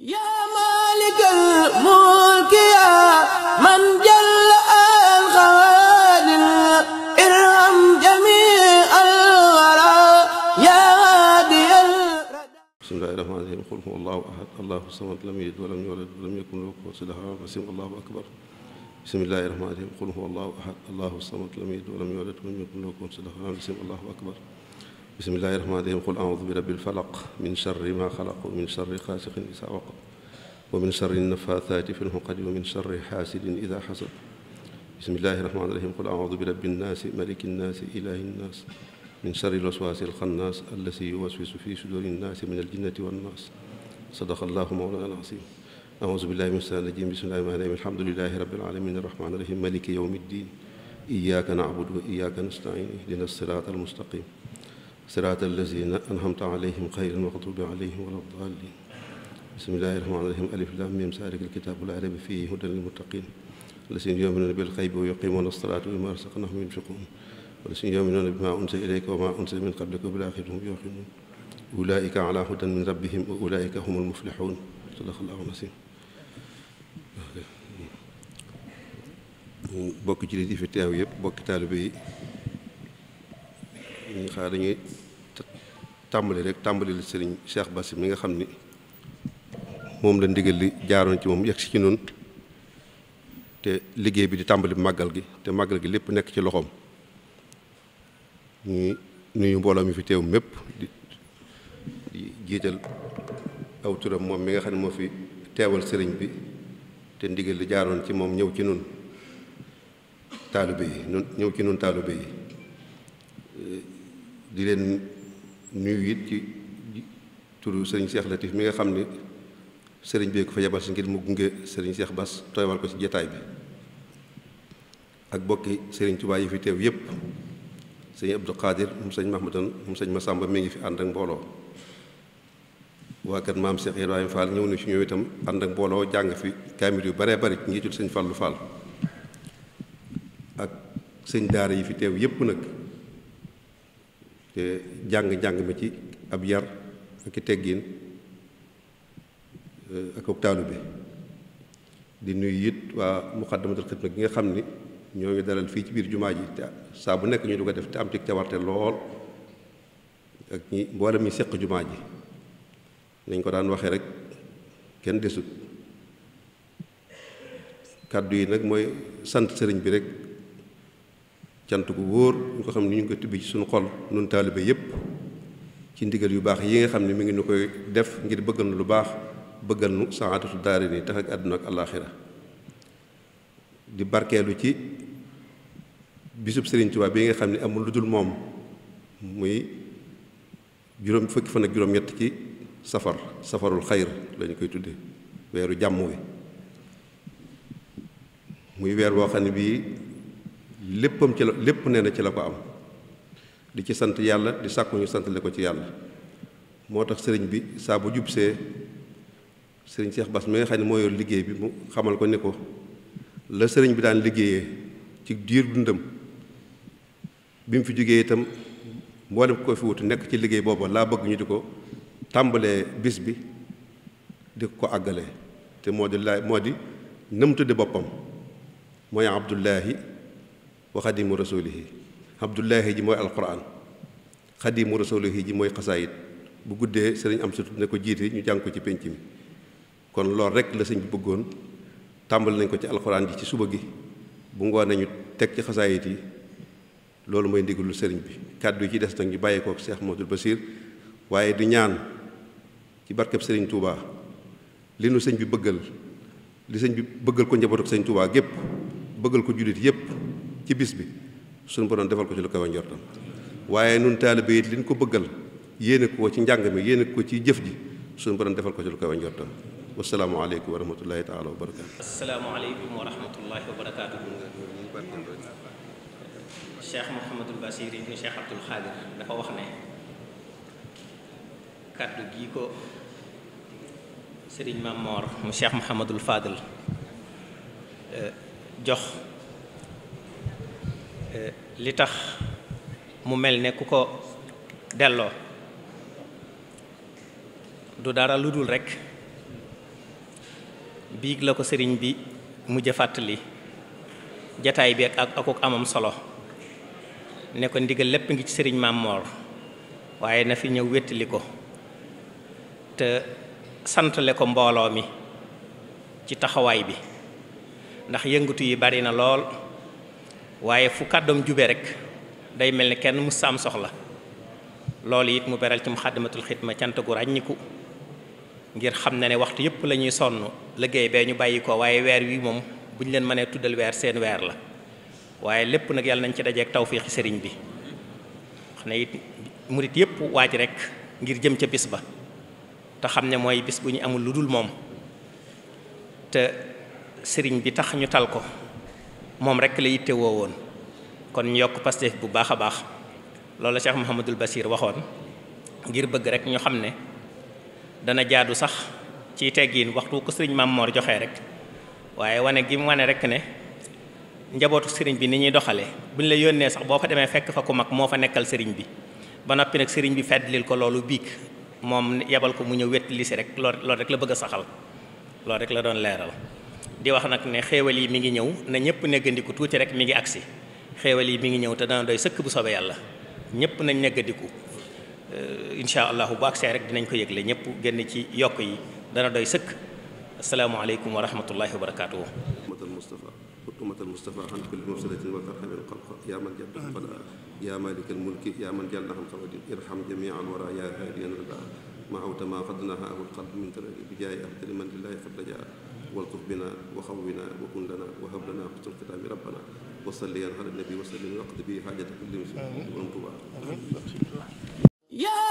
yaa maalikal mulki yaa man jalla al xawaadir irham jamii al waraa yaa haadiyal bismillaahi rahmaani rahiim qul huwa allaahu ahad allaahu samad lam yalid walam yulad walam yakun lahu kufuwan ahad allaahu akbar bismillaahi rahmaani rahiim qul huwa allaahu ahad allaahu samad lam yalid walam yulad walam yakun lahu kufuwan ahad allaahu akbar bismillahi rahmaani rahim qul audu bi rabbil falaq min charri ma xalaq wa min charri xaasiqin isa waqab wa min charri nafaathaati fi lxuqadi wa min charri xaasidin ida xasad bismillahi rahmaani rahim qul audu bi rabbi nnaasi maliki nnaasi ilaahi nnaas min charri lwaswaasi alxannaas allasi yuwaswisu fi suduuri nnaasi min aljinnati wannaas sadaqa allahu mawlana alazim audu billahi min shaytaani rajim bismillahi rahmaani rahim alhamdulilahi rabbil alamin arrahmaani rahim maliki yawmi ddin iyaaka nacbudu wa iyaaka nastain ihdina siraat almustaqim siraat allazina anhamta alayhim xayril maxdubi alayhim wala daalin bismillahi rahmani rahim alif lam mim salikal kitaabu laa rayba fiihi hudan lil muttaqin allazina yuminuuna bil xaybi wa yuqimuuna as-salaata wa mimmaa razaqnaahum yunfiquun allazina yuminuuna bimaa unzila ilayka wa maa unzila min qablika wa bil aaxirati hum yuuqinuun ulaa'ika alaa hudan min rabbihim wa ulaa'ika humul muflihuun sadaqallaahu l-aziim bokk ci li fi teew yëpp bokk taalibe yi ñu xaar dañuy tàmbali rek tàmbali la sëriñ Cheikh Bassi mi nga xam ni moom la ndigal li jaaroon ci moom yegg si ci noonu te liggéey bi di tàmbali màggal gi te màggal gi lépp nekk ci loxoom ñuy nuyu mbooloo mi fi teew mépp di di jiital aw moom mi nga xam ne moo fi teewal sëriñ bi te ndigal li jaaroon ci moom ñëw ci nun taalibe yi ñëw ci nun taalibe yi di leen nuyu it ci turu sëriñ Cheikh Latif mi nga xam ne sëriñ bee ko fa yebal si ngir mu gunge sëriñ Cheikh Bass tooywal ko ci jataay bi ak bokki sëriñ Tuubaa yi fi teew yépp sëñ Abdou mu sëñ Mahmadan mu sëñ Masamba mi ngi fi ànd ak mbooloo waa kër maam Cheikh Ibrahima Fall ñëw na fi ñëw itam ànd ak mbooloo jàng fi kaamil yu baree bari ci njiitul sëñ Fallou Fall ak sëñ daara yi fi teew yépp nag te jàng-jàng mi ci ab yar ak i teggin eh, ak ak bi di nuyu it waa muqaddamatul xidma ki nga xam ni ñoo ngi dalal fii ci biir jumaa ji te bu nekk ñu di ko def te am ci cawarte lool ak ñi mboolem ñi seq jumaa ji nañ ko daan waxee rek kenn desut kàddu yi nag mooy sant sëriñ bi rek cant gu wóor ñu ko xam ni ñu ngi ko tibb ci suñu xol nun taalibe yépp ci ndigal yu baax yi nga xam ne mu ngi nu koy def ngir bëggal nu lu baax bëggal nu saatatu daari nii tax ak àdduna ak àllaaxira di barkeelu ci bisub Sëriñ Tuubaa yi nga xam ne amul lu dul moom muy juróom fukki fan ak juróom-ñett ci safar safarul xayr lañu koy tudde weeru jàmm wi muy weer boo bii léppam ci la lépp nee na ci la ko am di ci sant yàlla di sàkkuñu ñu sant le ko ci yàlla moo tax sëriñ bi saabu bu jubsee sëriñ Cheikh Bass mi nga xam ne moo yor liggéey bi mu xamal ko ni ko la sëriñ bi daan liggéeyee ci diir dundam bi mu fi jógee itam mboolem ko fi wutu nekk ci liggéey booba laa bëgg ñu di ko tàmbalee bis bi di ko àggale te moo di laay moo di nëmu tudde boppam mooy Abdullahi wa xadimu rasulihi abdullahi ji mooy alquran xadimu rasulihi ji mooy xasaayit bu guddee sëriñ am sutut ne ko jiite ñu jàng ko ci pénc mi kon loolu rek la sëñ bi bëggoon tàmbali nañ ko ci alquran ji ci suba gi bu ngoonee ñu teg ci xasaayit yi loolu mooy ndigalu sëriñ bi kàddu yi ci des nag ñu bàyyi ko seex Cheikh Modou Basir waaye di ñaan ci barkeb sëriñ Touba li nu sëñ bi bëggal li sëñ bi bëggal ko njabootu sëñ Touba gépp bëggal ko jullit yépp ci bis bi suñu borom defal ko ci lu kawe njortam waaye nun taalibe it liñ ko bëggal yéene ko ci njàng mi yéene ko ci jëf ji suñu borom defal ko ci lu kawe njortam wasalaamu aleykum wa rahmatullahi taala wa barakaatu asalaamu aleykum wa rahmatullahi wa barakaatu cheikh Mouhamadul Bachir ibn cheikh Abdoul Khadir dafa wax ne kàddu gii ko sëriñ Maam Moor mu cheikh Mouhamadul Fadil eh, jox Eh, li tax mu mel ne ku ko delloo du dara lu dul rekk biig la ko sëriñ bi mujj fàttali jataay bi ak akuk amam solo ne ko ndigal lépp ngi ci sëriñ Maam waaye na fi ñëw wéttali ko te santale ko mbooloo mi ci taxawaay bi ndax yëngutu yi bari na lool waaye fu kàddoom jubee rek day mel ni kenn mu saam soxla loolu it mu beral ci muxaddamatul xidma cant gu ràññiku ngir xam na ne waxtu yëpp lañuy sonn liggéey bee ñu bàyyi ko waaye weer wi moom bu ñu leen mënee tuddal weer seen weer la waaye lépp nag yàlla nañ ci dajeeg tawfiixi sëriñ bi wax ne it murit yëpp waaj rek ngir jëm ca bis ba te xam ne mooy bis bu ñu amul lu dul moom te sëriñ bi tax ñu tal ko moom rek la yitte woo woon kon ñu yokk Pastef bu baax a baax loolu la Cheikh Mouhamadul Bachir waxoon ngir bëgg rek ñu xam ne dana jaadu sax ci teggiin waxtu ko sëriñ Maam Moor joxee rek waaye wane gi mu wane rek ne njabootu sëriñ bi ni ñuy doxalee buñ la yónnee sax boo fa demee fekk fa ku mag moo fa nekkal sëriñ bi ba noppi nag sëriñ bi feddlil ko loolu biig moom yebal ko mu ñëw wet li si rek lool loolu rek la bëgg a saxal loolu rek la doon leeral di wax nag ne xéewal yi mi ngi ñëw na ñëpp neggandiku tuuti rek mi ngi agsi xéewal yi mi ngi ñëw te dana doy sëkk bu soobee yàlla ñëpp nañ neggandiku euh, incha allahu bu agsee rek dinañ ko yëgle ñëpp génn ci yokk yi dana doy sëkk asalaamaaleykum wa rahmatullahi wa barakaatuhu أمة المصطفى عن كل مفسدة وترحم الخلق يا من جل الخلاء يا مالك الملك يا من جل الخلق ارحم جميع الورى يا هاديا الرجاء معه ما فضلها أبو القلب من ترى بجاه أهدر من لله قد جاء waltuf bina wa xaw bina wa kun lana wa hab lana xusnal kitaami rabbana wa salli ala nabi wa sallim waqt bi xaajata kulli muslim wa tuba